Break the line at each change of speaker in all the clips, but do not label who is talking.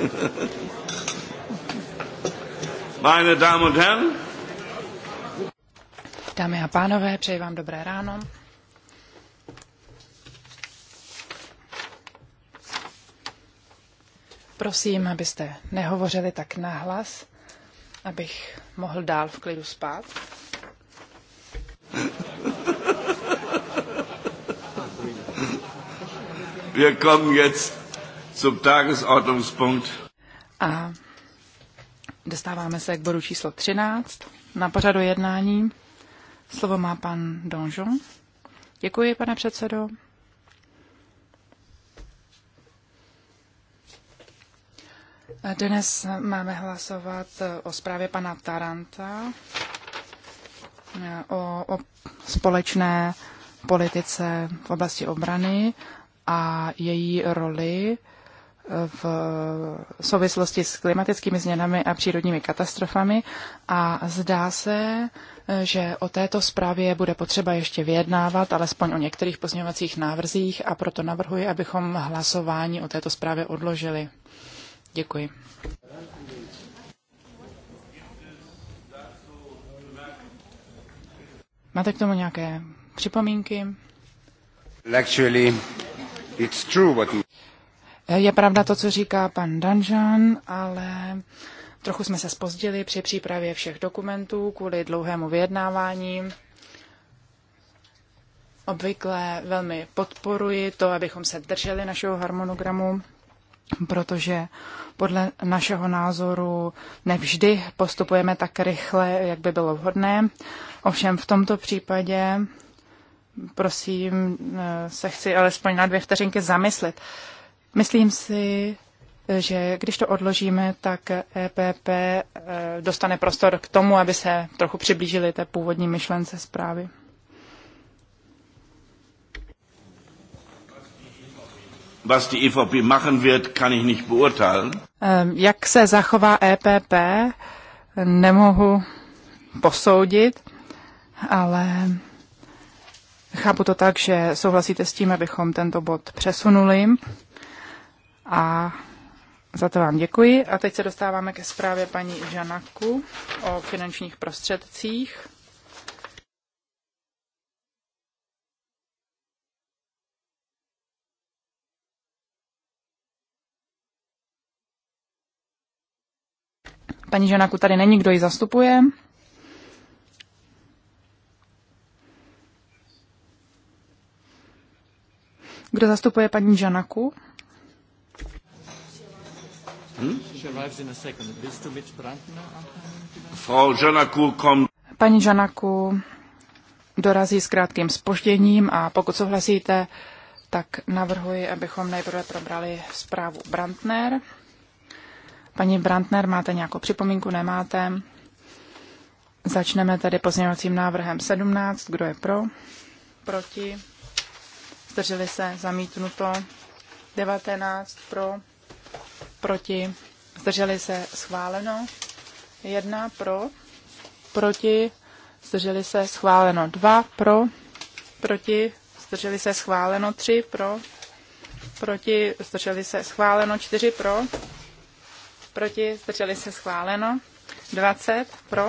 Meine Damen und Herren.
Dámy a pánové, přeji vám dobré ráno. Prosím, abyste nehovořili tak nahlas, abych mohl dál v klidu spát.
Wir kommen jetzt zum Tagesordnungspunkt.
A dostáváme se k bodu číslo 13 na pořadu jednání. Slovo má pan Donjon. Děkuji, pane předsedo. Dnes máme hlasovat o zprávě pana Taranta o, o společné politice v oblasti obrany a její roli v eh, souvislosti s klimatickými změnami a přírodními katastrofami a zdá se, eh, že o této zprávě bude potřeba ještě vyjednávat, alespoň o některých pozměňovacích návrzích a proto navrhuji, abychom hlasování o této zprávě odložili. Děkuji. Máte k tomu nějaké připomínky?
Actually, it's true what you...
Je pravda to, co říká pan Danžan, ale trochu jsme se spozdili při přípravě všech dokumentů kvůli dlouhému vyjednávání. Obvykle velmi podporuji to, abychom se drželi našeho harmonogramu, protože podle našeho názoru nevždy postupujeme tak rychle, jak by bylo vhodné. Ovšem v tomto případě, prosím, eh, se chci alespoň na dvě vteřinky zamyslet. Myslím si, že když to odložíme, tak EPP eh, dostane prostor k tomu, aby se trochu přiblížili té původní myšlence zprávy.
Was die EVP machen wird, kann ich nicht beurteilen.
Ehm, jak se zachová EPP, nemohu posoudit, ale chápu to tak, že souhlasíte s tím, abychom tento bod přesunuli. A za to vám děkuji. A teď se dostáváme ke zprávě paní Žanaku o finančních prostředcích. Paní Žanaku tady není, kdo ji zastupuje. Kdo zastupuje paní Žanaku?
Hm? Frau Janaku kommt.
Paní Žanaku dorazí s krátkým spožděním a pokud souhlasíte, tak navrhuji, abychom nejprve probrali zprávu Brandner. Paní Brandner, máte nějakou připomínku? Nemáte? Začneme tedy pozměňovacím návrhem 17. Kdo je pro? Proti? Zdrželi se? Zamítnuto? 19 pro? proti, zdrželi se schváleno, jedna pro, proti, zdrželi se schváleno, dva pro, proti, zdrželi se schváleno, tři pro, proti, zdrželi se schváleno, čtyři pro, proti, zdrželi se schváleno, dvacet pro,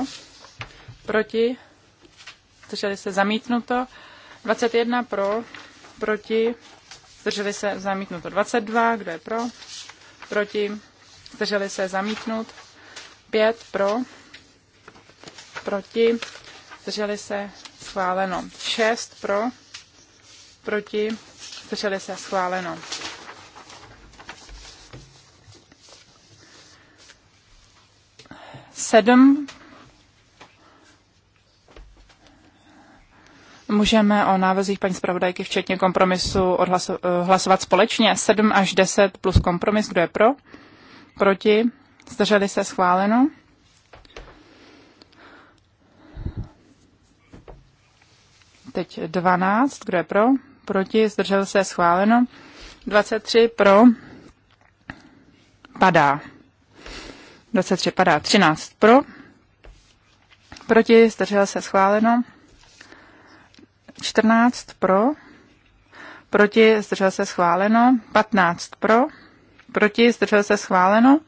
proti, zdrželi se zamítnuto, dvacet jedna pro, proti, zdrželi se zamítnuto, dva, kdo je pro, proti, zdrželi se zamítnut, pět pro, proti, zdrželi se schváleno, šest pro, proti, zdrželi se schváleno. Sedm můžeme o návrzích paní zpravodajky, včetně kompromisu, eh, hlasovat společně. 7 až 10 plus kompromis, kdo je pro? Proti? Zdrželi se schváleno? Teď 12, kdo je pro? Proti? Zdrželi se schváleno? 23 pro? Padá. 23 padá. 13 pro? Proti? Zdrželi se schváleno? 14 pro, proti zdržel se schváleno, 15 pro, proti zdržel se schváleno,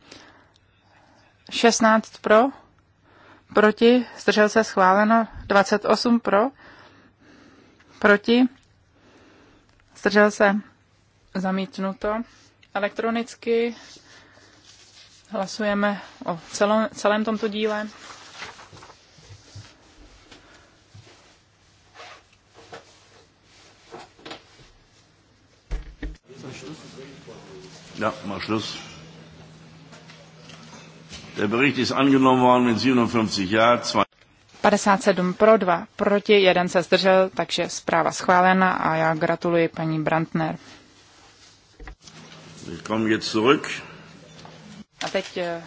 16 pro, proti zdržel se schváleno, 28 pro, proti zdržel se zamítnuto. Elektronicky hlasujeme o celom, celém tomto díle.
Ja, mach Schluss. Der Bericht ist angenommen worden mit 57 Ja, 2.
57 pro 2, proti jeden se zdržel, takže zpráva schválena a já gratuluji paní Brandner. A teď eh,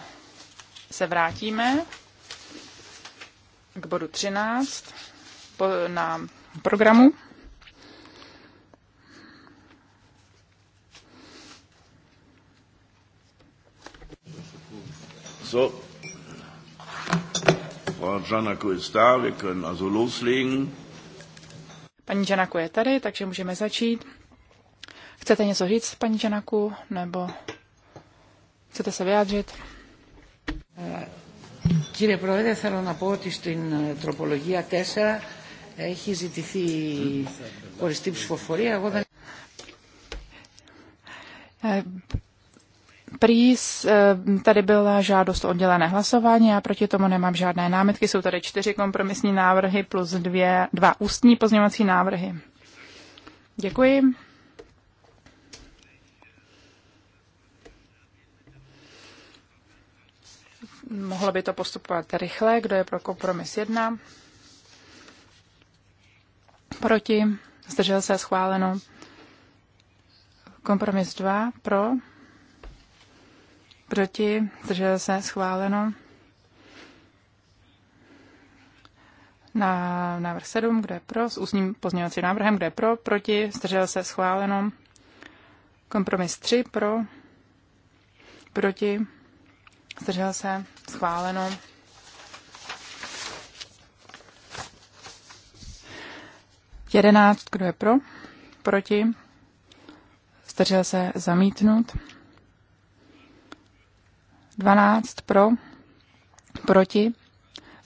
se vrátíme k bodu 13 na programu.
So, Frau Janaku ist da, wir können also loslegen.
Paní Janaku je tady, takže můžeme začít. Chcete něco říct, paní Janaku, nebo chcete se vyjádřit? Kýre eh, Πρόεδρε, θέλω να πω ότι στην τροπολογία 4 έχει ζητηθεί χωριστή ψηφοφορία. Εγώ δεν... Prý eh, tady byla žádost o oddělené hlasování, já proti tomu nemám žádné námitky, jsou tady čtyři kompromisní návrhy plus dvě, dva ústní pozměňovací návrhy. Děkuji. Mohlo by to postupovat rychle, kdo je pro kompromis 1. Proti, zdržel se schváleno. Kompromis 2, pro Proti? Zdržel se? Schváleno. Na návrh 7, kde je pro, s ústním pozměňovacím návrhem, kde je pro, proti, zdržel se, schváleno. Kompromis 3, pro, proti, zdržel se, schváleno. Jedenáct, kdo je pro, proti, zdržel se, zamítnut. 12 pro, proti,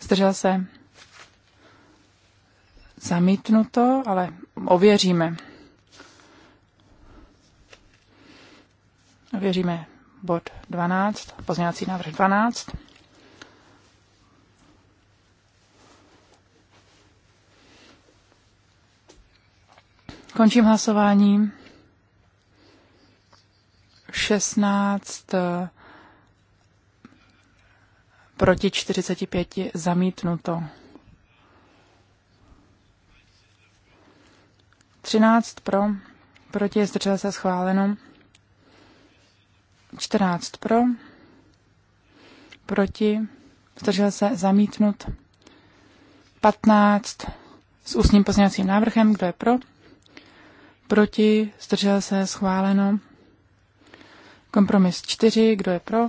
zdržel se zamítnuto, ale ověříme. Ověříme bod 12, pozměňovací návrh 12. Končím hlasování. 16 proti 45 zamítnuto. 13 pro, proti zdržel se schváleno. 14 pro, proti zdržel se zamítnut. 15 s ústním pozměňovacím návrhem, kdo je pro, proti zdržel se schváleno. Kompromis 4, kdo je pro,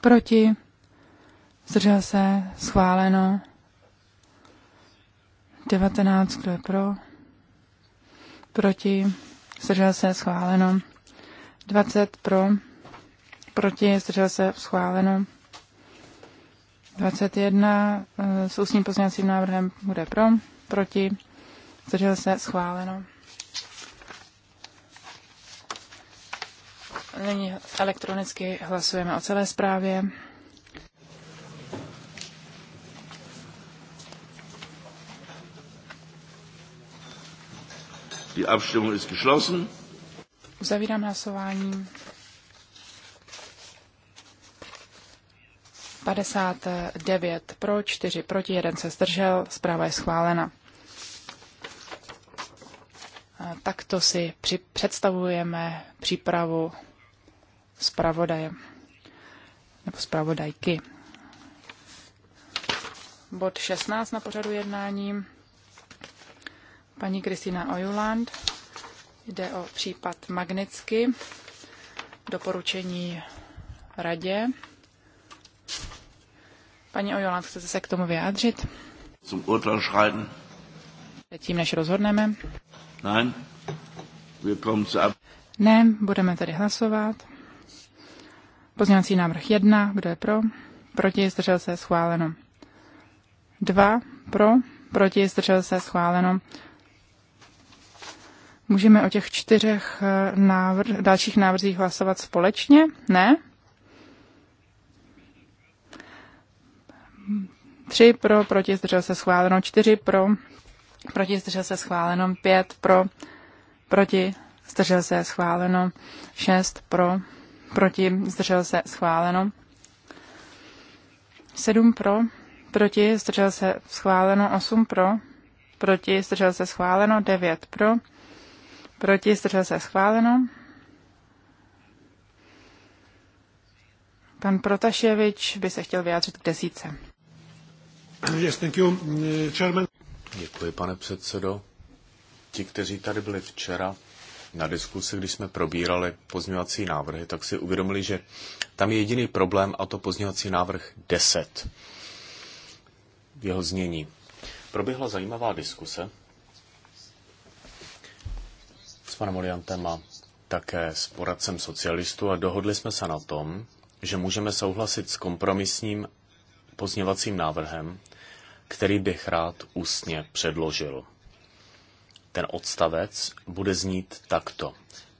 proti Zdržel se? Schváleno. 19, kdo je pro? Proti? Zdržel se? Schváleno. 20 pro? Proti? Zdržel se? Schváleno. 21 eh, s ústním pozměňovacím návrhem bude pro, proti, zdržel se, schváleno. Nyní elektronicky hlasujeme o celé zprávě.
Die Abstimmung ist geschlossen.
Uzavírám hlasování. 59 pro, 4 proti, 1 se zdržel, zpráva je schválena. Takto si při- představujeme přípravu zpravodaje nebo zpravodajky. Bod 16 na pořadu jednání paní Kristýna Ojuland. Jde o případ Magnitsky, doporučení radě. Paní Ojuland, chcete se k tomu vyjádřit?
Zum Urteil schreiten.
Tím, než rozhodneme.
Nein. Wir kommen zu ab.
Ne, budeme tady hlasovat. Pozměňovací návrh 1, kdo je pro? Proti, zdržel se, schváleno. 2, pro, proti, zdržel se, schváleno. Můžeme o těch čtyřech eh, návr- dalších návrzích hlasovat společně? Ne? Tři pro, proti zdržel se schváleno, čtyři pro, proti zdržel se schváleno, pět pro, proti zdržel se schváleno, šest pro, proti zdržel se schváleno, sedm pro, proti zdržel se schváleno, osm pro, proti zdržel se schváleno, devět pro, Proti zdržel se schváleno. Pan Protaševič by se chtěl vyjádřit k desíce.
Yes, thank
you, chairman.
Děkuji, pane předsedo. Ti, kteří tady byli včera na diskusi, když jsme probírali pozměňovací návrhy, tak si uvědomili, že tam je jediný problém a to pozměňovací návrh 10. Jeho znění. Proběhla zajímavá diskuse s panem Oliantem a také s poradcem socialistů a dohodli jsme se na tom, že můžeme souhlasit s kompromisním pozněvacím návrhem, který bych rád ústně předložil. Ten odstavec bude znít takto.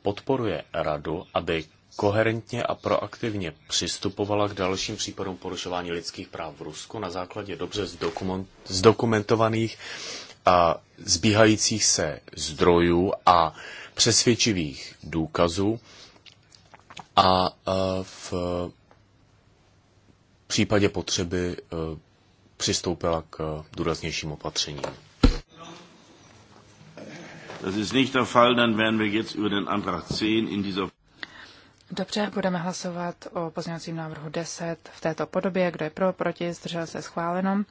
Podporuje radu, aby koherentně a proaktivně přistupovala k dalším případům porušování lidských práv v Rusku na základě dobře zdokumentovaných a zbíhajících se zdrojů a přesvědčivých důkazů a e, v případě potřeby e, přistoupila k důraznějším opatřením.
Dobře, budeme hlasovat o pozměňovacím návrhu 10 v této podobě. Kdo je pro, proti, zdržel se schváleno.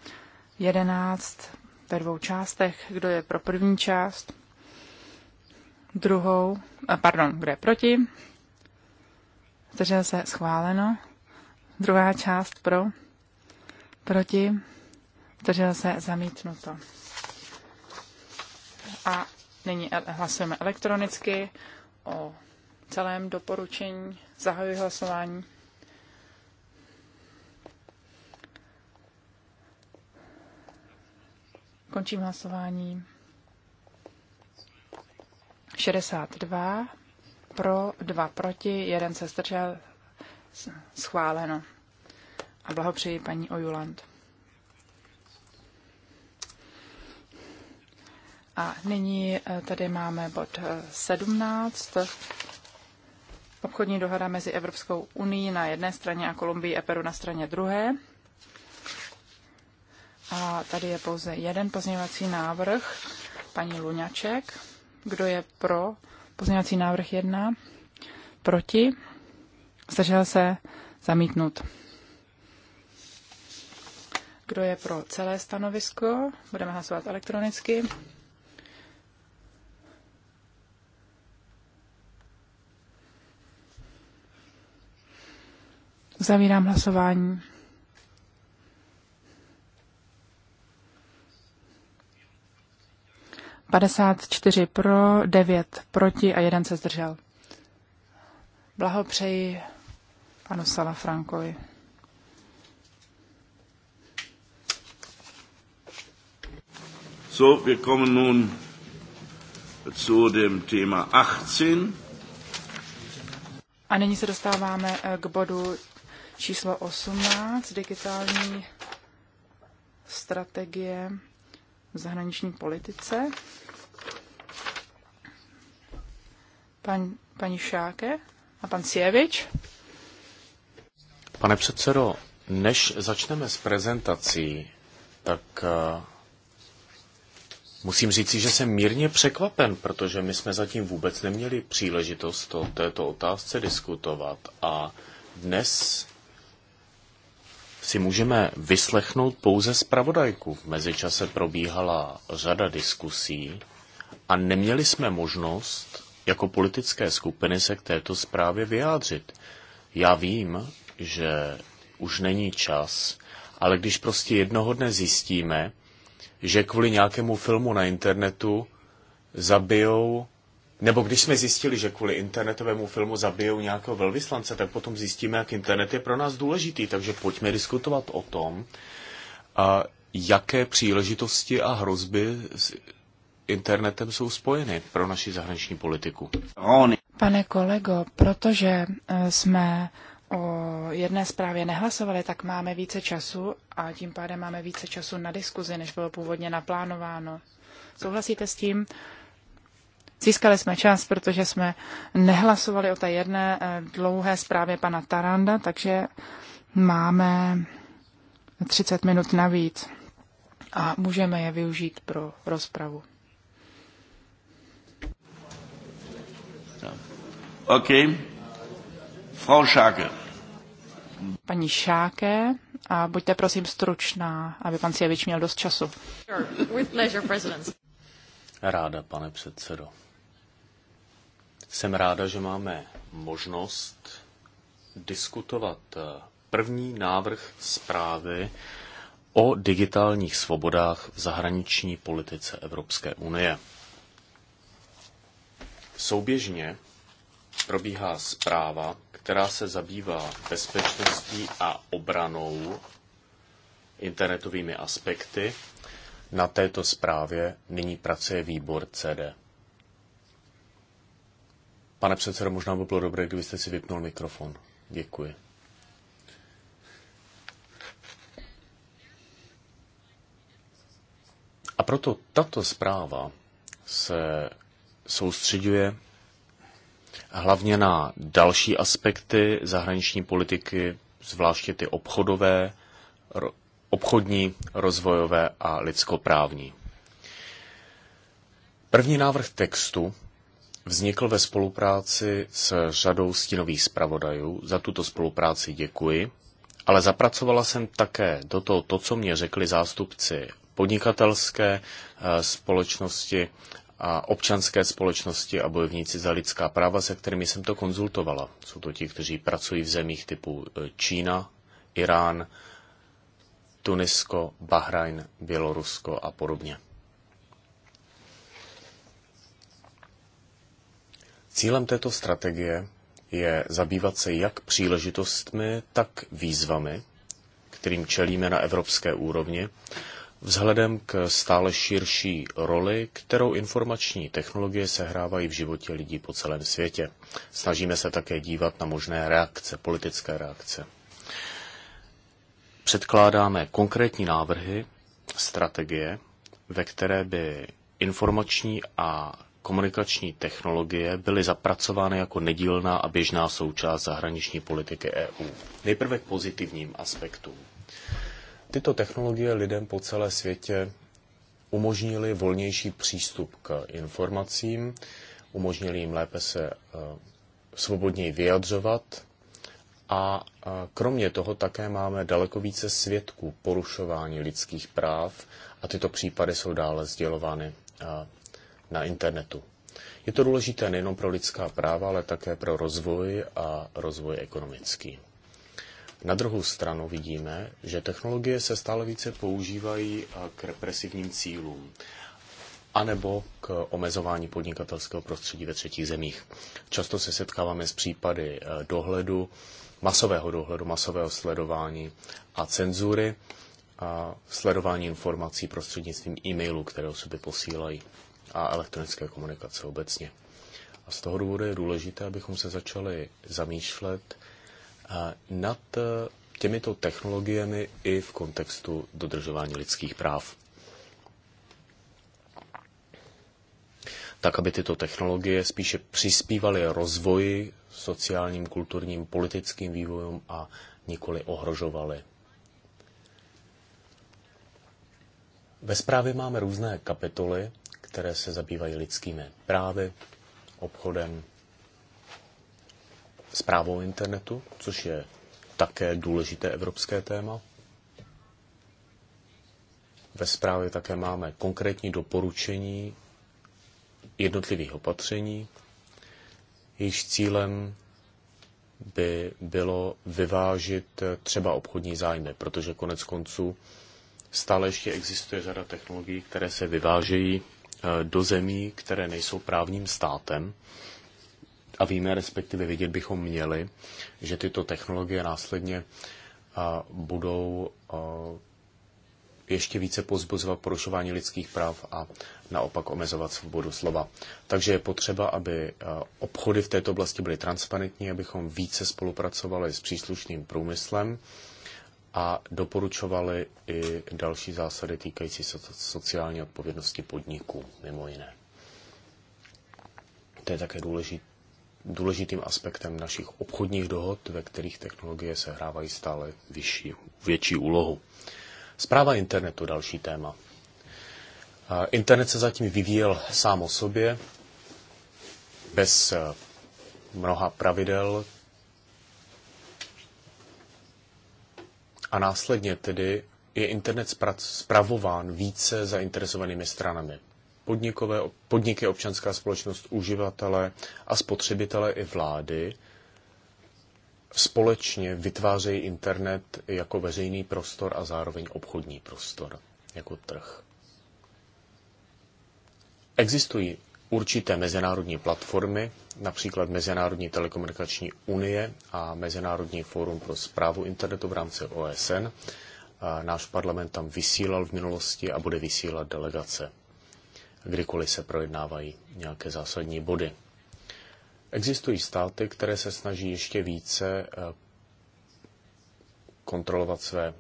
11 ve dvou částech. Kdo je pro první část? druhou, pardon, kdo je proti, zdržel se schváleno, druhá část pro, proti, zdržel se zamítnuto. A nyní hlasujeme elektronicky o celém doporučení. Zahajuji hlasování. Končím hlasování. 62 pro, 2 proti, jeden se zdržel, schváleno. A blahopřeji paní Ojuland. A nyní eh, tady máme bod 17. Eh, Obchodní dohoda mezi Evropskou unii na jedné straně a Kolumbií a Peru na straně druhé. A tady je pouze jeden pozměňovací návrh paní Luňaček. Kdo je pro pozměňovací návrh 1? Proti? Zdržel se? Zamítnut. Kdo je pro celé stanovisko? Budeme hlasovat elektronicky. Zavírám hlasování. 54 pro, 9 proti a jeden se zdržel. Blahopřeji panu Frankovi.
So, wir kommen nun zu dem Thema 18.
A nyní se dostáváme eh, k bodu číslo 18, digitální strategie v zahraniční politice. Pan, paní Šáke a pan Sjevič.
Pane předsedo, než začneme s prezentací, tak uh, musím říci, že jsem mírně překvapen, protože my jsme zatím vůbec neměli příležitost o této otázce diskutovat a dnes si můžeme vyslechnout pouze zpravodajku. V mezičase probíhala řada diskusí a neměli jsme možnost jako politické skupiny se k této zprávě vyjádřit. Já vím, že už není čas, ale když prostě jednoho dne zjistíme, že kvůli nějakému filmu na internetu zabijou, nebo když jsme zjistili, že kvůli internetovému filmu zabijou nějakého velvyslance, tak potom zjistíme, jak internet je pro nás důležitý. Takže pojďme diskutovat o tom, a jaké příležitosti a hrozby internetem jsou spojeny pro naši zahraniční politiku.
Pane kolego, protože eh, jsme o jedné zprávě nehlasovali, tak máme více času a tím pádem máme více času na diskuzi, než bylo původně naplánováno. Souhlasíte s tím? Získali jsme čas, protože jsme nehlasovali o té jedné eh, dlouhé zprávě pana Taranda, takže máme 30 minut navíc a můžeme je využít pro rozpravu.
Okay. Frau Schake.
Paní Šáke, a buďte prosím stručná, aby pan Sjevič měl dost času. With pleasure, president.
Ráda, pane
předsedo. Jsem ráda, že máme možnost diskutovat eh, první návrh zprávy o digitálních svobodách v zahraniční politice Evropské unie. Souběžně probíhá zpráva, která se zabývá bezpečností a obranou internetovými aspekty. Na této zprávě nyní pracuje výbor CD. Pane předsedo, možná by bylo dobré, kdybyste si vypnul mikrofon. Děkuji. A proto tato zpráva se soustředuje hlavně na další aspekty zahraniční politiky, zvláště ty obchodové, obchodní, rozvojové a lidskoprávní. První návrh textu vznikl ve spolupráci s řadou stínových zpravodajů. Za tuto spolupráci děkuji, ale zapracovala jsem také do toho to, co mě řekli zástupci podnikatelské eh, společnosti a občanské společnosti a bojovníci za lidská práva, se kterými jsem to konzultovala. Jsou to ti, kteří pracují v zemích typu e, Čína, Irán, Tunisko, Bahrajn, Bělorusko a podobně. Cílem této strategie je zabývat se jak příležitostmi, tak výzvami, kterým čelíme na evropské úrovni Vzhledem k stále širší roli, kterou informační technologie sehrávají v životě lidí po celém světě, snažíme se také dívat na možné reakce, politické reakce. Předkládáme konkrétní návrhy, strategie, ve které by informační a komunikační technologie byly zapracovány jako nedílná a běžná součást zahraniční politiky EU. Nejprve k pozitivním aspektům. Tyto technologie lidem po celé světě umožnili volnější přístup k informacím, umožnili jim lépe se eh, svobodněji vyjadřovat a eh, kromě toho také máme daleko více svědků porušování lidských práv a tyto případy jsou dále sdělovány eh, na internetu. Je to důležité nejen pro lidská práva, ale také pro rozvoj a rozvoj ekonomický. Na druhou stranu vidíme, že technologie se stále více používají k represivním cílům anebo k omezování podnikatelského prostředí ve třetích zemích. Často se setkáváme s případy eh, dohledu, masového dohledu, masového sledování a cenzury a sledování informací prostřednictvím e-mailů, které osoby posílají a elektronické komunikace obecně. A z toho důvodu je důležité, abychom se začali zamýšlet nad eh, těmito technologiemi i v kontextu dodržování lidských práv. Tak, aby tyto technologie spíše přispívaly rozvoji sociálním, kulturním, politickým vývojům a nikoli ohrožovaly. Ve zprávě máme různé kapitoly, které se zabývají lidskými právy, obchodem, zprávou internetu, což je také důležité evropské téma. Ve zprávě také máme konkrétní doporučení jednotlivých opatření, jejichž cílem by bylo vyvážit třeba obchodní zájmy, protože konec konců stále ještě existuje řada technologií, které se vyvážejí eh, do zemí, které nejsou právním státem a víme, respektive vidět bychom měli, že tyto technologie následně budou ještě více pozbuzovat porušování lidských práv a naopak omezovat svobodu slova. Takže je potřeba, aby obchody v této oblasti byly transparentní, abychom více spolupracovali s příslušným průmyslem a doporučovali i další zásady týkající se sociální odpovědnosti podniků, mimo jiné. To je také důležité důležitým aspektem našich obchodních dohod, ve kterých technologie sehrávají stále vyšší, větší úlohu. Zpráva internetu, další téma. Internet se zatím vyvíjel sám o sobě, bez eh, mnoha pravidel a následně tedy je internet spravován více zainteresovanými stranami podnikové, podniky, občanská společnost, uživatele a spotřebitele i vlády společně vytvářejí internet jako veřejný prostor a zároveň obchodní prostor, jako trh. Existují určité mezinárodní platformy, například Mezinárodní telekomunikační unie a Mezinárodní fórum pro zprávu internetu v rámci OSN. Náš parlament tam vysílal v minulosti a bude vysílat delegace kdykoliv se projednávají nějaké zásadní body. Existují státy, které se snaží ještě více eh, kontrolovat své eh,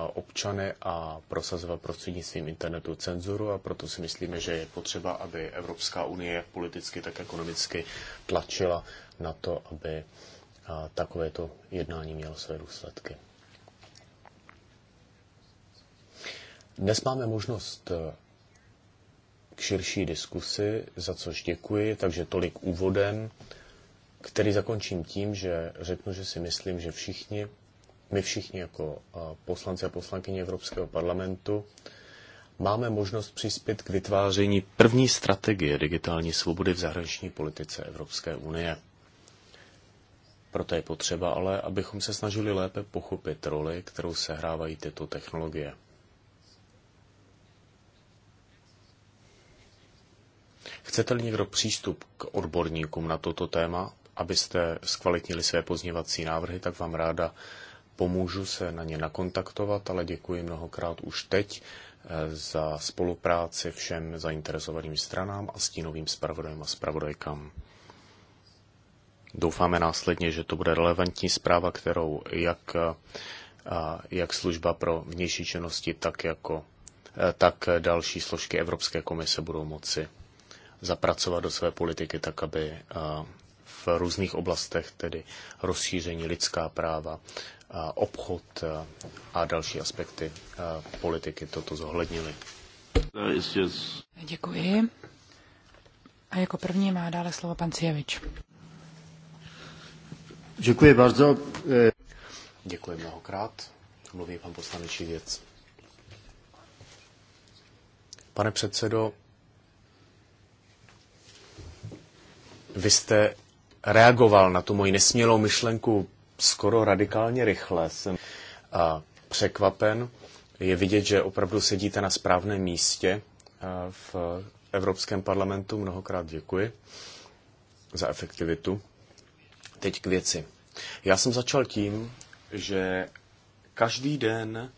občany a prosazovat prostřednictvím internetu cenzuru a proto si myslíme, že je potřeba, aby Evropská unie jak politicky, tak ekonomicky tlačila na to, aby eh, takovéto jednání mělo své důsledky. Dnes máme možnost k širší diskusi, za což děkuji, takže tolik úvodem, který zakončím tím, že řeknu, že si myslím, že všichni, my všichni jako poslanci a poslankyně Evropského parlamentu, máme možnost přispět k vytváření první strategie digitální svobody v zahraniční politice Evropské unie. Proto je potřeba ale, abychom se snažili lépe pochopit roli, kterou sehrávají tyto technologie. Chcete-li někdo přístup k odborníkům na toto téma, abyste zkvalitnili své pozněvací návrhy, tak vám ráda pomůžu se na ně nakontaktovat, ale děkuji mnohokrát už teď eh, za spolupráci všem zainteresovaným stranám a stínovým zpravodajům a zpravodajkám. Doufáme následně, že to bude relevantní zpráva, kterou jak, eh, jak služba pro vnější činnosti, tak jako eh, tak další složky Evropské komise budou moci zapracovat do své politiky tak, aby eh, v různých oblastech, tedy rozšíření lidská práva, eh, obchod eh, a další aspekty politiky toto zohlednili.
Děkuji. A jako první má dále slovo pan Cijevič.
Děkuji bardzo. Děkuji mnohokrát. Mluví pan poslanec věc. Pane předsedo, Vy jste reagoval na tu moji nesmělou myšlenku skoro radikálně rychle. Jsem a, překvapen. Je vidět, že opravdu sedíte na správném místě v Evropském parlamentu. Mnohokrát děkuji za efektivitu. Teď k věci. Já jsem začal tím, že každý den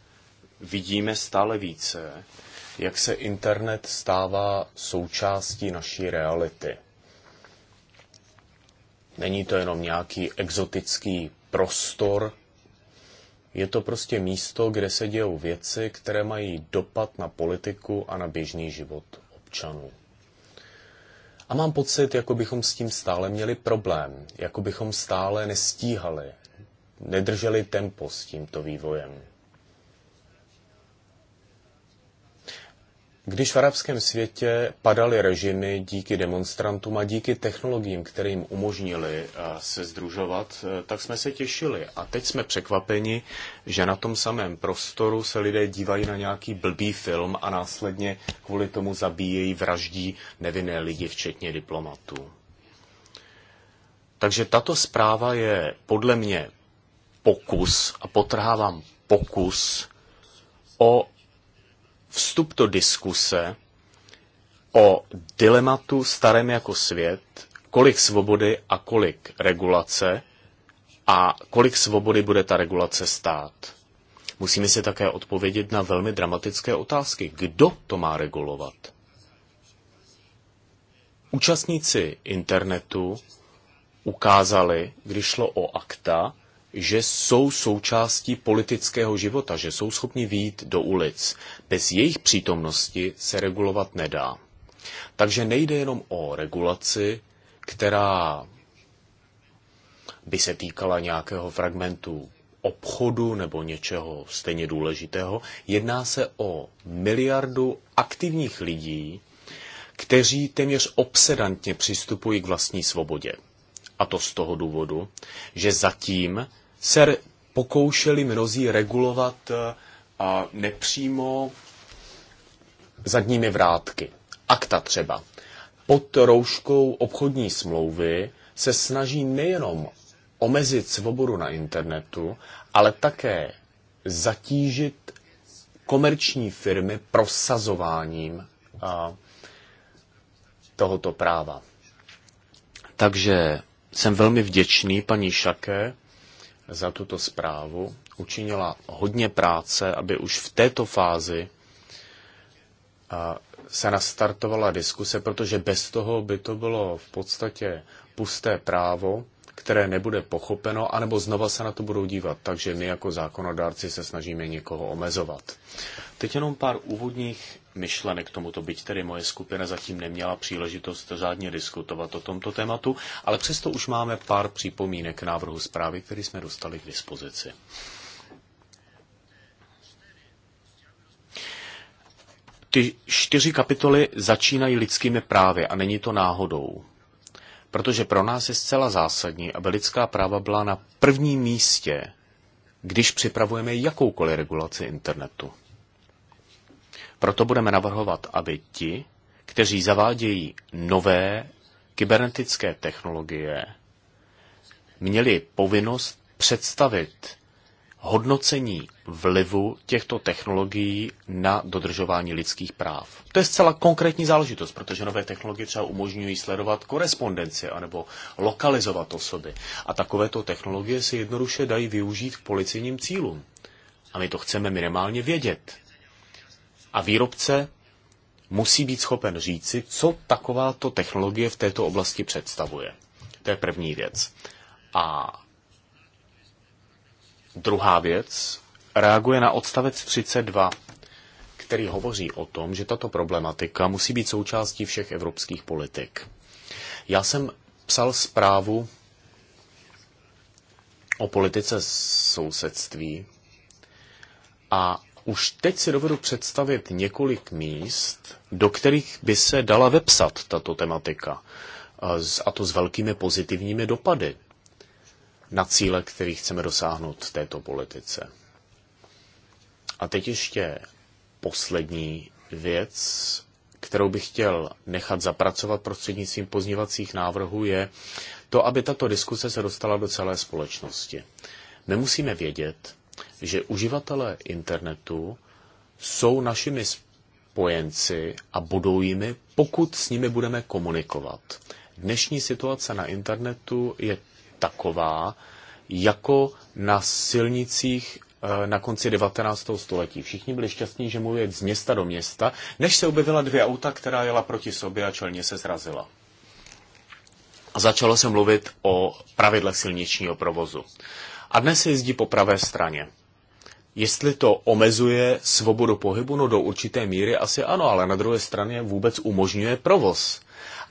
vidíme stále více, jak se internet stává součástí naší reality. Není to jenom nějaký exotický prostor, je to prostě místo, kde se dějou věci, které mají dopad na politiku a na běžný život občanů. A mám pocit, jako bychom s tím stále měli problém, jako bychom stále nestíhali, nedrželi tempo s tímto vývojem. Když v arabském světě padaly režimy díky demonstrantům a díky technologiím, kterým umožnili eh, se združovat, eh, tak jsme se těšili. A teď jsme překvapeni, že na tom samém prostoru se lidé dívají na nějaký blbý film a následně kvůli tomu zabíjejí, vraždí nevinné lidi, včetně diplomatů. Takže tato zpráva je podle mě pokus, a potrhávám pokus, o vstup do diskuse o dilematu starém jako svět, kolik svobody a kolik regulace a kolik svobody bude ta regulace stát. Musíme si také odpovědět na velmi dramatické otázky. Kdo to má regulovat? Účastníci internetu ukázali, když šlo o akta, že jsou součástí politického života, že jsou schopni výjít do ulic. Bez jejich přítomnosti se regulovat nedá. Takže nejde jenom o regulaci, která by se týkala nějakého fragmentu obchodu nebo něčeho stejně důležitého. Jedná se o miliardu aktivních lidí, kteří téměř obsedantně přistupují k vlastní svobodě. A to z toho důvodu, že zatím se pokoušeli mnozí regulovat eh, a nepřímo zadními vrátky. Akta třeba. Pod rouškou obchodní smlouvy se snaží nejenom omezit svobodu na internetu, ale také zatížit komerční firmy prosazováním a, eh, tohoto práva. Takže jsem velmi vděčný paní Šake za tuto zprávu. Učinila hodně práce, aby už v této fázi se nastartovala diskuse, protože bez toho by to bylo v podstatě pusté právo které nebude pochopeno, anebo znova se na to budou dívat. Takže my jako zákonodárci se snažíme někoho omezovat. Teď jenom pár úvodních myšlenek k tomuto, byť tedy moje skupina zatím neměla příležitost řádně diskutovat o tomto tématu, ale přesto už máme pár připomínek k návrhu zprávy, který jsme dostali k dispozici. Ty čtyři kapitoly začínají lidskými právy a není to náhodou protože pro nás je zcela zásadní, aby lidská práva byla na prvním místě, když připravujeme jakoukoliv regulaci internetu. Proto budeme navrhovat, aby ti, kteří zavádějí nové kybernetické technologie, měli povinnost představit hodnocení vlivu těchto technologií na dodržování lidských práv. To je zcela konkrétní záležitost, protože nové technologie třeba umožňují sledovat korespondenci anebo lokalizovat osoby. A takovéto technologie se jednoduše dají využít k policijním cílům. A my to chceme minimálně vědět. A výrobce musí být schopen říci, co takováto technologie v této oblasti představuje. To je první věc. A Druhá věc reaguje na odstavec 32, který hovoří o tom, že tato problematika musí být součástí všech evropských politik. Já jsem psal zprávu o politice sousedství a už teď si dovedu představit několik míst, do kterých by se dala vepsat tato tematika, a to s velkými pozitivními dopady na cíle, který chceme dosáhnout v této politice. A teď ještě poslední věc, kterou bych chtěl nechat zapracovat prostřednictvím pozněvacích návrhů, je to, aby tato diskuse se dostala do celé společnosti. My musíme vědět, že uživatelé internetu jsou našimi spojenci a budou jimi, pokud s nimi budeme komunikovat. Dnešní situace na internetu je taková, jako na silnicích eh, na konci 19. století. Všichni byli šťastní, že můžou jet z města do města, než se objevila dvě auta, která jela proti sobě a čelně se zrazila. A začalo se mluvit o pravidlech silničního provozu. A dnes se jezdí po pravé straně. Jestli to omezuje svobodu pohybu, no do určité míry asi ano, ale na druhé straně vůbec umožňuje provoz.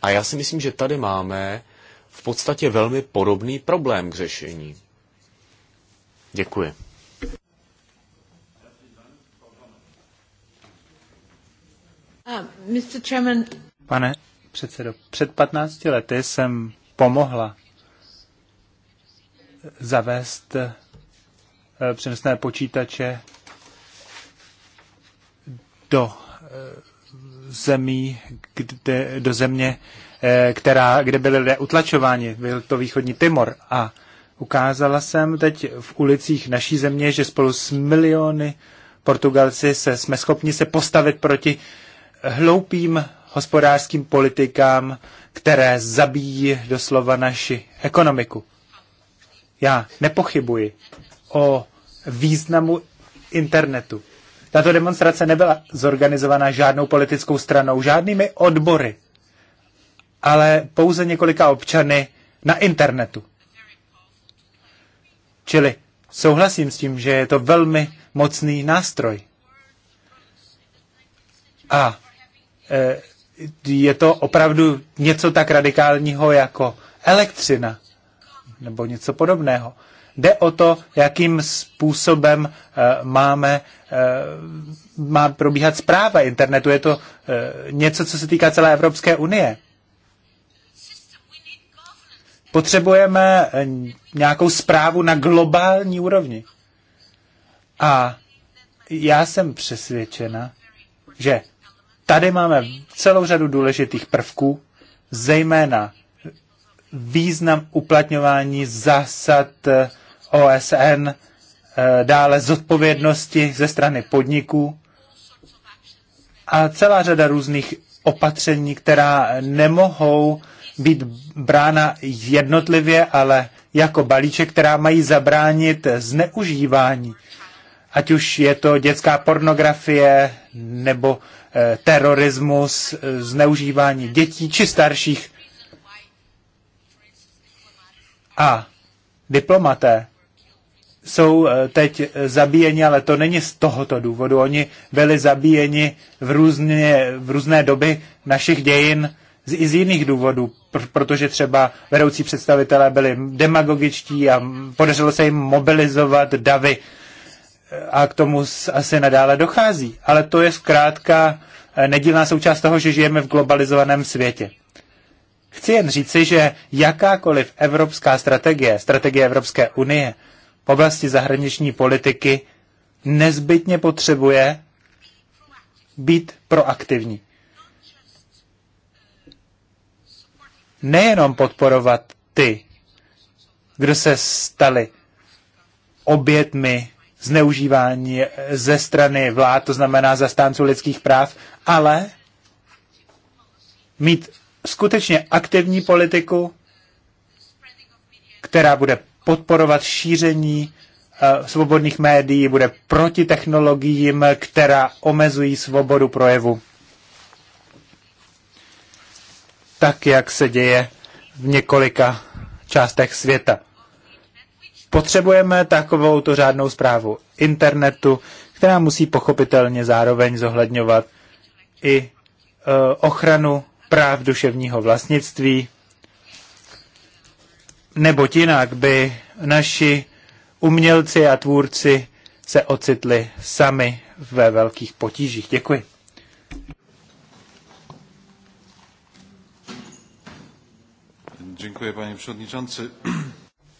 A já si myslím, že tady máme v podstatě velmi podobný problém k řešení. Děkuji.
Pane předsedo, před 15 lety jsem pomohla zavést eh, přenosné počítače do eh, zemí, kde, do země, eh, která, kde byly lidé utlačováni, byl to východní Timor. A ukázala jsem teď v ulicích naší země, že spolu s miliony Portugalci se, jsme schopni se postavit proti hloupým hospodářským politikám, které zabíjí doslova naši ekonomiku. Já nepochybuji o významu internetu. Tato demonstrace nebyla zorganizovaná žádnou politickou stranou, žádnými odbory, ale pouze několika občany na internetu. Čili souhlasím s tím, že je to velmi mocný nástroj. A e, je to opravdu něco tak radikálního jako elektřina nebo něco podobného. Jde o to, jakým způsobem eh, máme, eh, má probíhat zpráva internetu. Je to eh, něco, co se týká celé Evropské unie. Potřebujeme nějakou zprávu na globální úrovni. A já jsem přesvědčena, že tady máme celou řadu důležitých prvků, zejména význam uplatňování zásad OSN, eh, dále zodpovědnosti ze strany podniků a celá řada různých opatření, která nemohou být brána jednotlivě, ale jako balíček, která mají zabránit zneužívání. Ať už je to dětská pornografie nebo e, terorismus, e, zneužívání dětí či starších. A diplomaté jsou eh, teď zabíjeni, ale to není z tohoto důvodu. Oni byli zabíjeni v, různě, v různé doby našich dějin z, i z jiných důvodů, pr- protože třeba vedoucí představitelé byli demagogičtí a podařilo se jim mobilizovat davy eh, a k tomu asi nadále dochází. Ale to je zkrátka eh, nedílná součást toho, že žijeme v globalizovaném světě. Chci jen říci, že jakákoliv evropská strategie, strategie Evropské unie, v oblasti zahraniční politiky nezbytně potřebuje být proaktivní. Nejenom podporovat ty, kdo se stali obětmi zneužívání ze strany vlád, to znamená zastánců lidských práv, ale mít skutečně aktivní politiku, která bude podporovat šíření eh, svobodných médií, bude proti technologiím, která omezují svobodu projevu. Tak, jak se děje v několika částech světa. Potřebujeme takovou to řádnou zprávu internetu, která musí pochopitelně zároveň zohledňovat i eh, ochranu práv duševního vlastnictví, neboť jinak by naši umělci a tvůrci se ocitli sami ve velkých potížích. Děkuji.
Děkuji, paní předsedající.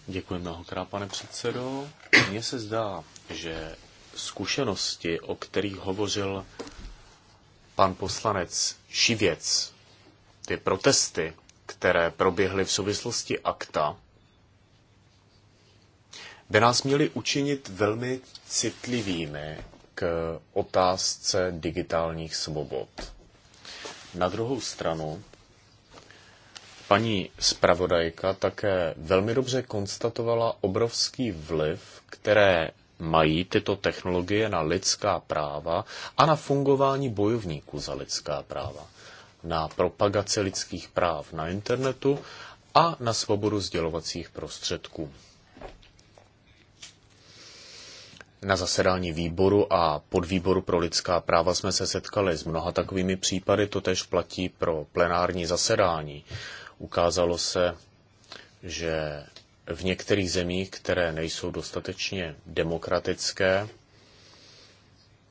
Děkuji mnohokrát, pane předsedo. Mně se zdá, že zkušenosti, o kterých hovořil pan poslanec Šivěc, ty protesty, které proběhly v souvislosti akta, by nás měly učinit velmi citlivými k otázce digitálních svobod. Na druhou stranu, paní zpravodajka také velmi dobře konstatovala obrovský vliv, které mají tyto technologie na lidská práva a na fungování bojovníků za lidská práva, na propagaci lidských práv na internetu a na svobodu sdělovacích prostředků. Na zasedání výboru a podvýboru pro lidská práva jsme se setkali s mnoha takovými případy, to tež platí pro plenární zasedání. Ukázalo se, že v některých zemích, které nejsou dostatečně demokratické,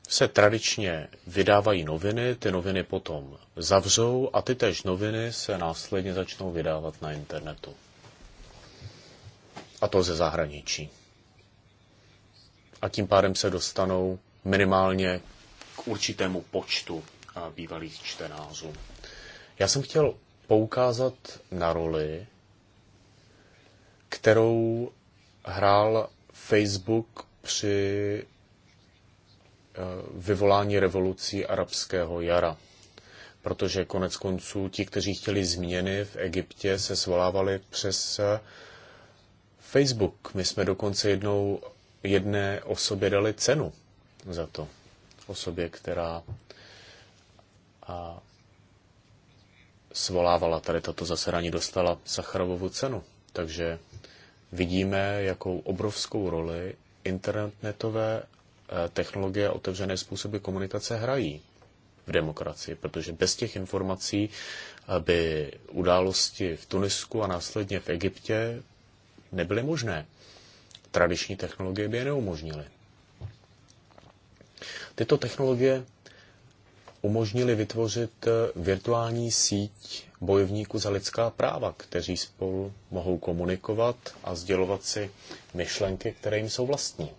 se tradičně vydávají noviny, ty noviny potom zavřou a ty též noviny se následně začnou vydávat na internetu. A to ze zahraničí a tím pádem se dostanou minimálně k určitému počtu bývalých čtenářů. Já jsem chtěl poukázat na roli, kterou hrál Facebook při e, vyvolání revolucí arabského jara. Protože konec konců ti, kteří chtěli změny v Egyptě, se svolávali přes e, Facebook. My jsme dokonce jednou jedné osobě dali cenu za to. Osobě, která a svolávala tady toto zasedání, dostala Sacharovovu cenu. Takže vidíme, jakou obrovskou roli internetové e, technologie a otevřené způsoby komunikace hrají v demokracii, protože bez těch informací by události v Tunisku a následně v Egyptě nebyly možné tradiční technologie by je neumožnily. Tyto technologie umožnily vytvořit eh, virtuální síť bojovníků za lidská práva, kteří spolu mohou komunikovat a sdělovat si myšlenky, které jim jsou vlastní.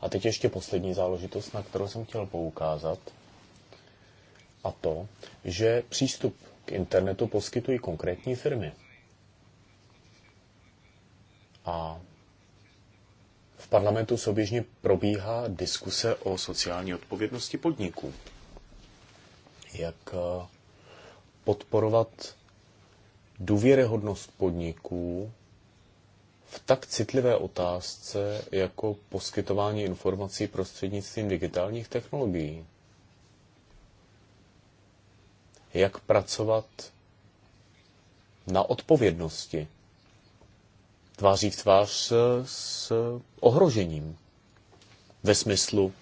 A teď ještě poslední záležitost, na kterou jsem chtěl poukázat, a to, že přístup k internetu poskytují konkrétní firmy. A v parlamentu souběžně probíhá diskuse o sociální odpovědnosti podniků. Jak eh, podporovat důvěryhodnost podniků v tak citlivé otázce jako poskytování informací prostřednictvím digitálních technologií. Jak pracovat na odpovědnosti tváří v tvář s ohrožením ve smyslu,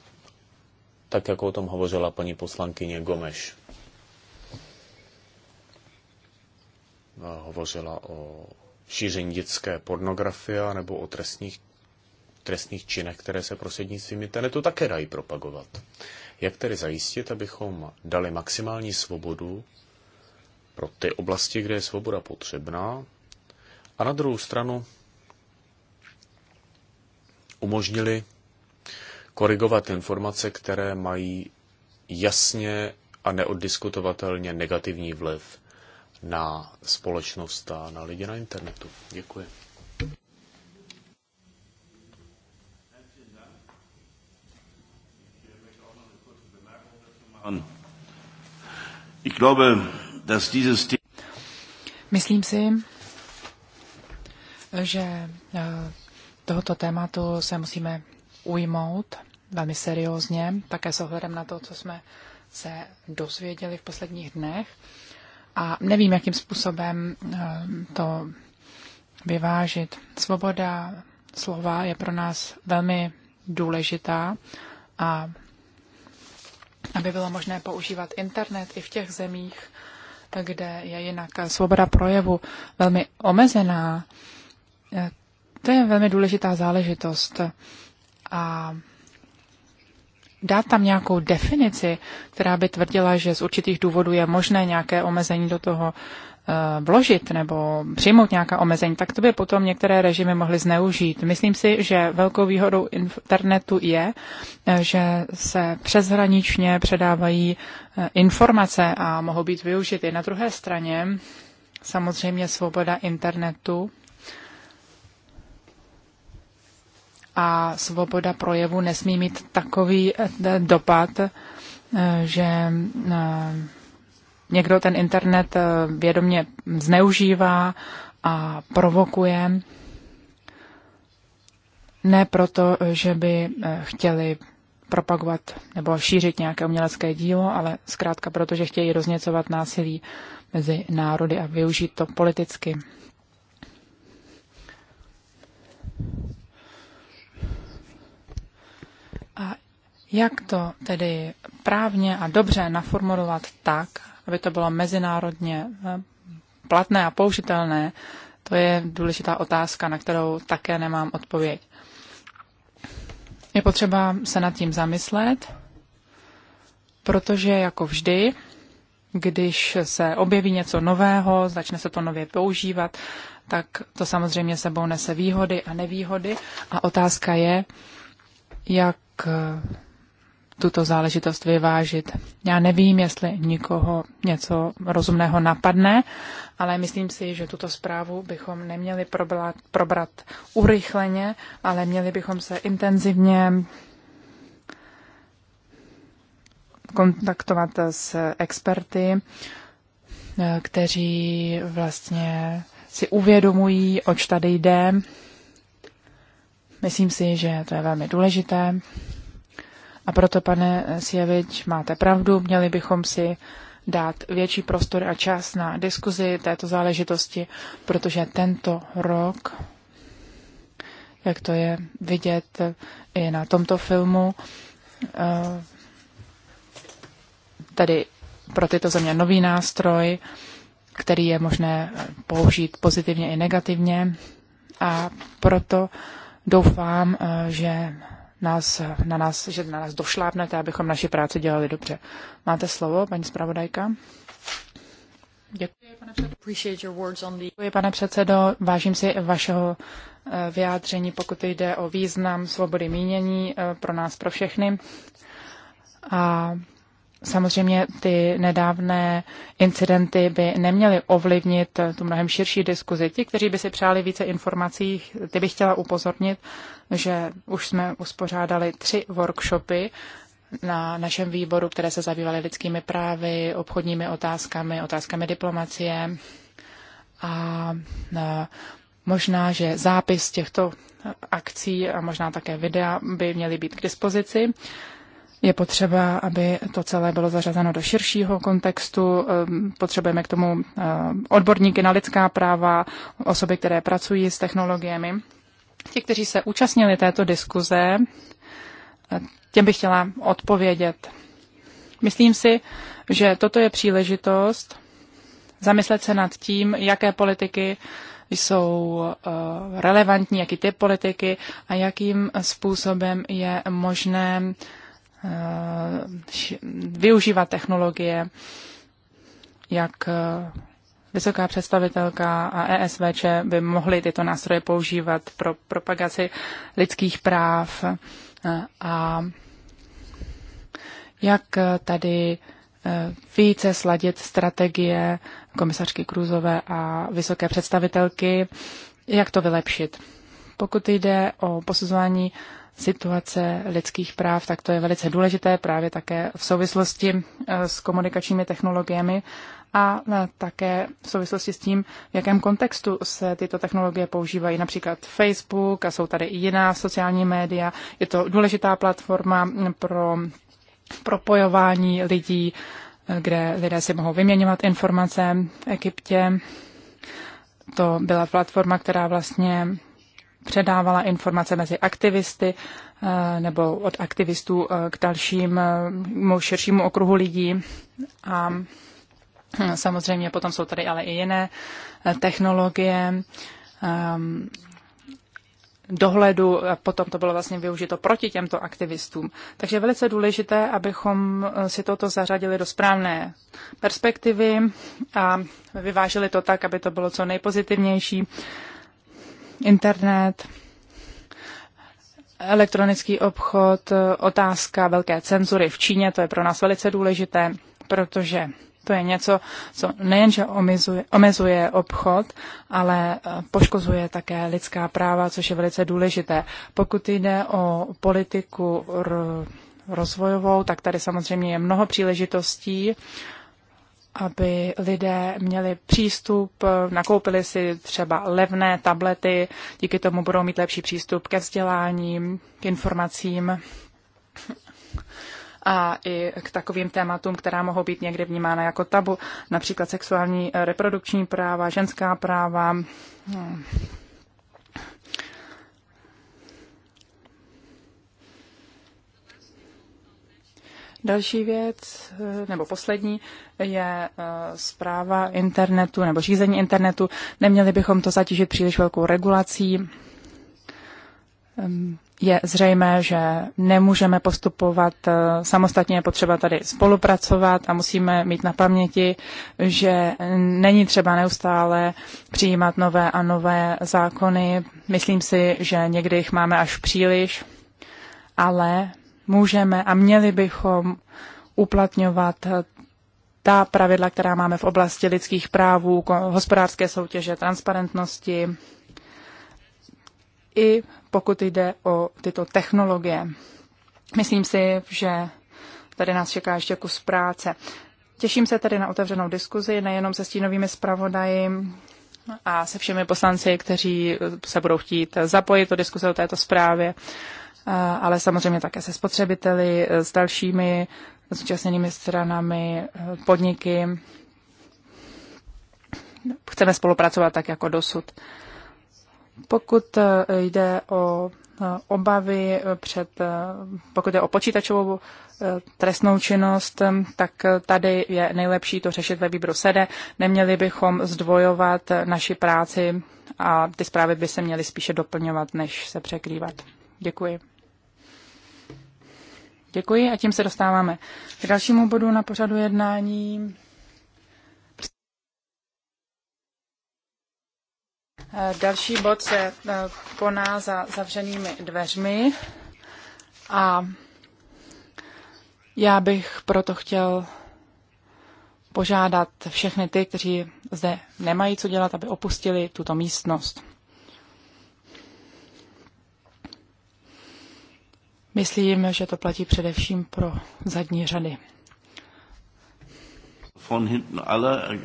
tak jako o tom hovořila paní poslankyně Gomeš. Hovořila o šíření dětské pornografie nebo o trestních, trestných činech, které se prostřednictvím internetu také dají propagovat. Jak tedy zajistit, abychom dali maximální svobodu pro ty oblasti, kde je svoboda potřebná, a na druhou stranu umožnili korigovat informace, které mají jasně a neoddiskutovatelně negativní vliv na společnost a na lidi na internetu. Děkuji.
Myslím si, že eh, tohoto tématu se musíme ujmout velmi seriózně, také s ohledem na to, co jsme se dozvěděli v posledních dnech. A nevím, jakým způsobem eh, to vyvážit. Svoboda slova je pro nás velmi důležitá a aby bylo možné používat internet i v těch zemích, kde je jinak svoboda projevu velmi omezená, eh, to je velmi důležitá záležitost. A dát tam nějakou definici, která by tvrdila, že z určitých důvodů je možné nějaké omezení do toho eh, vložit nebo přijmout nějaká omezení, tak to by potom některé režimy mohly zneužít. Myslím si, že velkou výhodou internetu je, eh, že se přeshraničně předávají eh, informace a mohou být využity. Na druhé straně samozřejmě svoboda internetu a svoboda projevu nesmí mít takový eh, dopad, eh, že eh, někdo ten internet vědomě zneužívá a provokuje. Ne proto, že by chtěli propagovat nebo šířit nějaké umělecké dílo, ale zkrátka proto, že chtějí rozněcovat násilí mezi národy a využít to politicky. Jak to tedy právně a dobře naformulovat tak, aby to bylo mezinárodně eh, platné a použitelné, to je důležitá otázka, na kterou také nemám odpověď. Je potřeba se nad tím zamyslet, protože jako vždy, když se objeví něco nového, začne se to nově používat, tak to samozřejmě sebou nese výhody a nevýhody. A otázka je, jak eh, tuto záležitost vyvážit. Já nevím, jestli nikoho něco rozumného napadne, ale myslím si, že tuto zprávu bychom neměli probrat, probrat urychleně, ale měli bychom se intenzivně kontaktovat s experty, kteří vlastně si uvědomují, oč tady jde. Myslím si, že to je velmi důležité. A proto, pane Sjevič, máte pravdu, měli bychom si dát větší prostor a čas na diskuzi této záležitosti, protože tento rok, jak to je vidět i na tomto filmu, eh, tedy pro tyto země nový nástroj, který je možné použít pozitivně i negativně. A proto doufám, eh, že nás, na nás, že na nás došlápnete, abychom naši práci dělali dobře. Máte slovo, paní zpravodajka? Děkuji, pane předsedo. Vážím si vašeho eh, vyjádření, pokud jde o význam svobody mínění eh, pro nás, pro všechny. A Samozřejmě ty nedávné incidenty by neměly ovlivnit tu mnohem širší diskuzi. Ti, kteří by si přáli více informací, ty bych chtěla upozornit, že už jsme uspořádali tři workshopy na našem výboru, které se zabývaly lidskými právy, obchodními otázkami, otázkami diplomacie. A možná, že zápis těchto akcí a možná také videa by měly být k dispozici. Je potřeba, aby to celé bylo zařazeno do širšího kontextu. Ehm, potřebujeme k tomu ehm, odborníky na lidská práva, osoby, které pracují s technologiemi. Ti, kteří se účastnili této diskuze, eh, těm bych chtěla odpovědět. Myslím si, že toto je příležitost zamyslet se nad tím, jaké politiky jsou eh, relevantní, jaký typ politiky a jakým způsobem je možné Eh, využívat technologie, jak eh, vysoká představitelka a ESVČ by mohly tyto nástroje používat pro propagaci lidských práv eh, a jak tady více sladit strategie komisařky Krůzové a vysoké představitelky, jak to vylepšit. Pokud jde o posuzování situace lidských práv, tak to je velice důležité právě také v souvislosti eh, s komunikačními technologiemi a eh, také v souvislosti s tím, v jakém kontextu se tyto technologie používají, například Facebook a jsou tady i jiná sociální média. Je to důležitá platforma pro propojování lidí, eh, kde lidé si mohou vyměňovat informace v Egyptě. To byla platforma, která vlastně předávala informace mezi aktivisty eh, nebo od aktivistů eh, k dalším eh, širšímu okruhu lidí. A hm, samozřejmě potom jsou tady ale i jiné technologie ehm, dohledu, a potom to bylo vlastně využito proti těmto aktivistům. Takže je velice důležité, abychom si toto zařadili do správné perspektivy a vyvážili to tak, aby to bylo co nejpozitivnější internet, elektronický obchod, otázka velké cenzury v Číně, to je pro nás velice důležité, protože to je něco, co nejenže omezuje, omezuje obchod, ale eh, poškozuje také lidská práva, což je velice důležité. Pokud jde o politiku rozvojovou, tak tady samozřejmě je mnoho příležitostí aby lidé měli přístup, nakoupili si třeba levné tablety, díky tomu budou mít lepší přístup ke vzdělání, k informacím a i k takovým tématům, která mohou být někdy vnímána jako tabu, například sexuální reprodukční práva, ženská práva, Další věc, eh, nebo poslední, je eh, zpráva internetu nebo řízení internetu. Neměli bychom to zatížit příliš velkou regulací. Ehm, je zřejmé, že nemůžeme postupovat eh, samostatně, je potřeba tady spolupracovat a musíme mít na paměti, že není třeba neustále přijímat nové a nové zákony. Myslím si, že někdy jich máme až příliš, ale můžeme a měli bychom uplatňovat ta pravidla, která máme v oblasti lidských právů, hospodářské soutěže, transparentnosti, i pokud jde o tyto technologie. Myslím si, že tady nás čeká ještě kus práce. Těším se tedy na otevřenou diskuzi, nejenom se stínovými zpravodaji a se všemi poslanci, kteří se budou chtít zapojit do diskuze o této zprávě Eh, ale samozřejmě také se spotřebiteli, eh, s dalšími zúčastněnými stranami, eh, podniky. Chceme spolupracovat tak jako dosud. Pokud jde o obavy před, pokud je o počítačovou trestnou činnost, tak tady je nejlepší to řešit ve výboru sede. Neměli bychom zdvojovat naši práci a ty zprávy by se měly spíše doplňovat, než se překrývat. Děkuji. Děkuji a tím se dostáváme k dalšímu bodu na pořadu jednání. Další bod se eh, koná za zavřenými dveřmi a já bych proto chtěl požádat všechny ty, kteří zde nemají co dělat, aby opustili tuto místnost. Myslím, že to platí především pro zadní řady.
Von hinten alle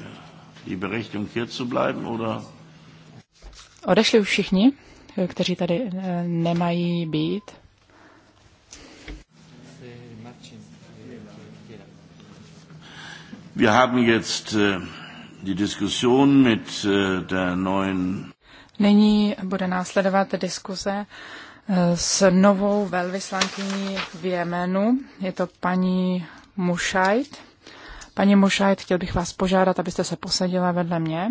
die Berechtigung hier zu bleiben, oder?
Odešli už všichni, kteří tady eh, nemají být.
Wir haben jetzt äh, die Diskussion mit äh, der neuen
Nyní bude následovat diskuse s novou velvyslankyní v Jemenu. Je to paní Mušajt. Paní Mušajt, chtěl bych vás požádat, abyste se posadila vedle mě.